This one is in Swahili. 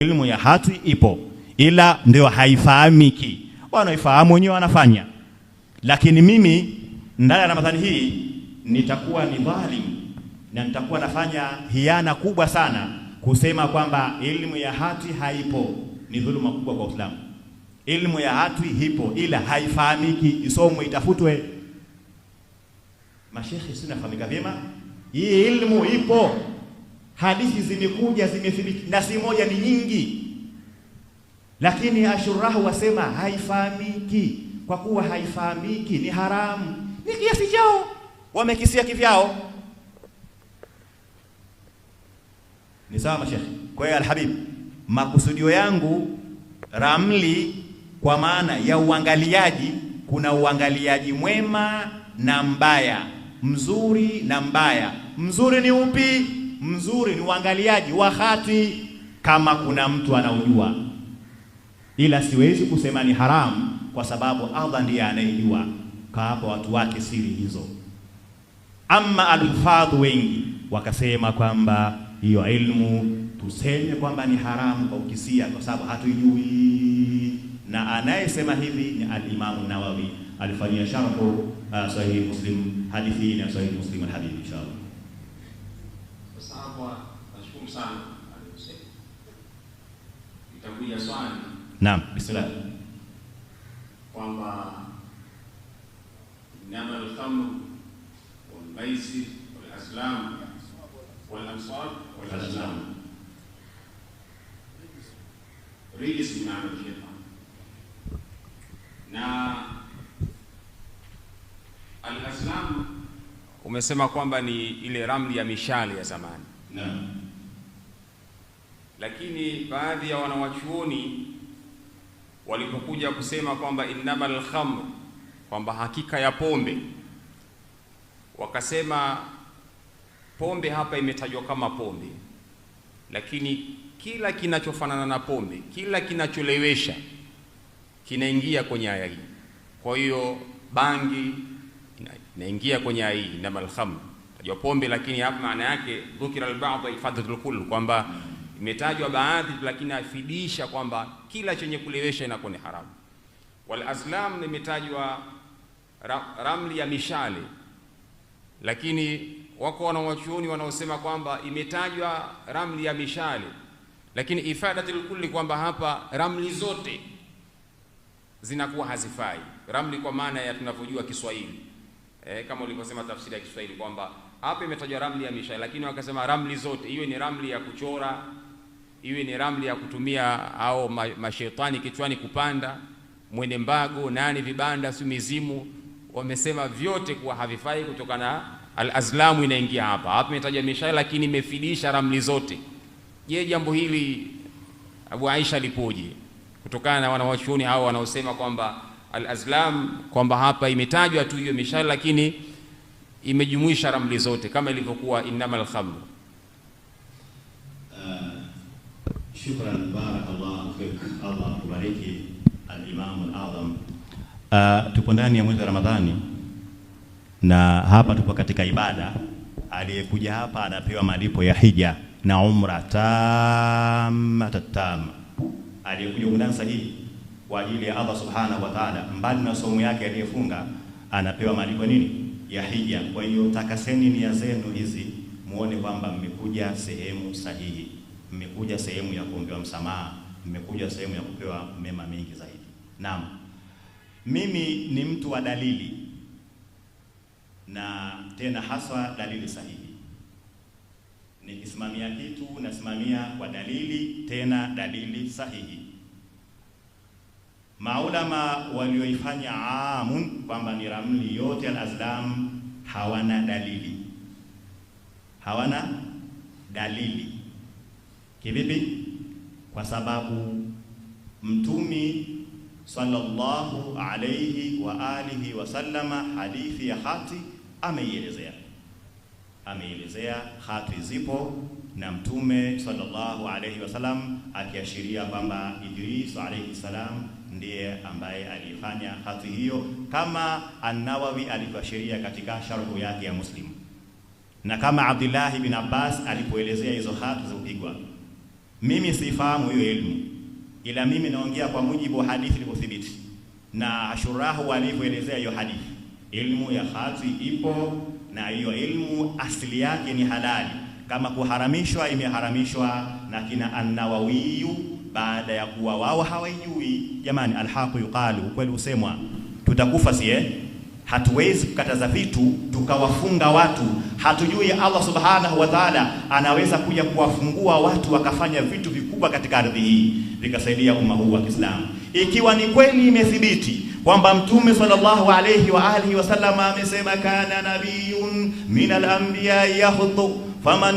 ilmu ya hati ipo, ila ndio haifahamiki. wanaifahamu wenyewe wanafanya, lakini mimi ndani ya Ramadhani hii nitakuwa ni dhalimu na nitakuwa nafanya hiana kubwa sana kusema kwamba ilmu ya hati haipo. Ni dhuluma kubwa kwa Uislamu. ilmu ya hati ipo, ila haifahamiki, isomwe, itafutwe. Mashekhi sinafahamika vyema, hii ilmu ipo Hadithi zimekuja zimethibiti, na si moja, ni nyingi, lakini ashurahu wasema haifahamiki. Kwa kuwa haifahamiki, ni haramu, ni kiasi chao, wamekisia kivyao. Ni sawa mashekhe. Kwa hiyo Alhabib, makusudio yangu ramli, kwa maana ya uangaliaji, kuna uangaliaji mwema na mbaya, mzuri na mbaya. Mzuri ni upi? mzuri ni uangaliaji wa hati, kama kuna mtu anaujua, ila siwezi kusema ni haramu kwa sababu Allah ndiye anayejua, kawapa watu wake siri hizo. Ama alhufadhu wengi wakasema kwamba hiyo ilmu tuseme kwamba ni haramu kwa ukisia, kwa sababu hatuijui. Na anayesema hivi ni alimamu Nawawi, alifanyia sharhu uh, sahihi Muslim hadithi hii na sahihi Muslim alhadithi inshallah. Sabwa, nashukuru sana Naam, bismillah. Kwamba innama al-khamru wal-maisir wal-azlam wal-ansab wal-azlam rijis min amali shaytan umesema kwamba ni ile ramli ya mishale ya zamani na. Lakini baadhi ya wanawachuoni walipokuja kusema kwamba innamal khamr, kwamba hakika ya pombe, wakasema pombe hapa imetajwa kama pombe, lakini kila kinachofanana na pombe, kila kinacholewesha kinaingia kwenye aya hii. Kwa hiyo bangi naingia kwenye ai innamal khamr tajwa pombe, lakini hapa maana yake dhukira al-ba'd ifadatul kwamba imetajwa baadhi, lakini afidisha kwamba kila chenye kulewesha inakuwa ni haramu. Wal azlam imetajwa ramli ya mishale, lakini wako wanawachuoni wanaosema kwamba imetajwa ramli ya mishale, lakini ifadatul kulli kwamba hapa ramli zote zinakuwa hazifai. Ramli kwa maana ya tunavyojua Kiswahili eh, kama ulivyosema tafsiri ya Kiswahili kwamba hapa imetajwa ramli ya mishale, lakini wakasema ramli zote, iwe ni ramli ya kuchora, iwe ni ramli ya kutumia au mashetani kichwani kupanda, mwene mbago, nani, vibanda, si mizimu, wamesema vyote kuwa havifai kutokana na al-azlamu inaingia hapa. Hapa imetaja mishale, lakini imefidisha ramli zote. Je, jambo hili Abu Aisha lipoje? Kutokana na wanawachuoni hao wanaosema kwamba al-azlam kwamba hapa imetajwa tu hiyo mishal, lakini imejumuisha ramli zote kama ilivyokuwa innamal khamr. Uh, shukran, barakallahu fikum, Allah akubariki al-Imam al-Azam. Uh, tupo ndani ya mwezi wa Ramadhani na hapa tupo katika ibada. Aliyekuja hapa anapewa malipo ya hija na umra tamma tatama. Aliyekuja kundansa hii kwa ajili ya Allah subhanahu wa ta'ala, mbali na somo yake aliyefunga anapewa malipo nini ya hija. Kwa hiyo takaseni nia zenu hizi, muone kwamba mmekuja sehemu sahihi, mmekuja sehemu ya kuombewa msamaha, mmekuja sehemu ya kupewa mema mengi zaidi. Naam, mimi ni mtu wa dalili na tena haswa dalili sahihi. Nikisimamia kitu nasimamia kwa dalili, tena dalili sahihi maulama walioifanya amun kwamba ni ramli yote al-azlam hawana dalili, hawana dalili kivipi? Kwa sababu Mtumi sallallahu alayhi wa alihi wasallama, hadithi ya hati ameielezea ameelezea haki zipo na Mtume sallallahu alayhi wasallam akiashiria kwamba Idris alaihi salam ndiye ambaye alifanya hati hiyo, kama An-Nawawi alivyoashiria katika sharhu yake ya Muslim na kama Abdullahi bin Abbas alipoelezea hizo hati kupigwa. Mimi sifahamu hiyo elimu, ila mimi naongea kwa mujibu wa hadithi ilivyothibiti na ashurahu alivyoelezea hiyo hadithi. Elimu ya hati ipo na hiyo ilmu asili yake ni halali. Kama kuharamishwa, imeharamishwa na kina Annawawiyu baada ya kuwa wao hawaijui. Jamani, alhaqu yuqalu, ukweli husemwa. Tutakufa sie, eh? hatuwezi kukataza vitu tukawafunga watu, hatujui Allah subhanahu wa ta'ala anaweza kuja kuwafungua watu wakafanya vitu vikubwa katika ardhi hii vikasaidia umma huu wa Kiislamu, ikiwa ni kweli imethibiti kwamba Mtume sallallahu alayhi wa alihi wasallam amesema, kana nabiyyun min al-anbiya yakhudhu faman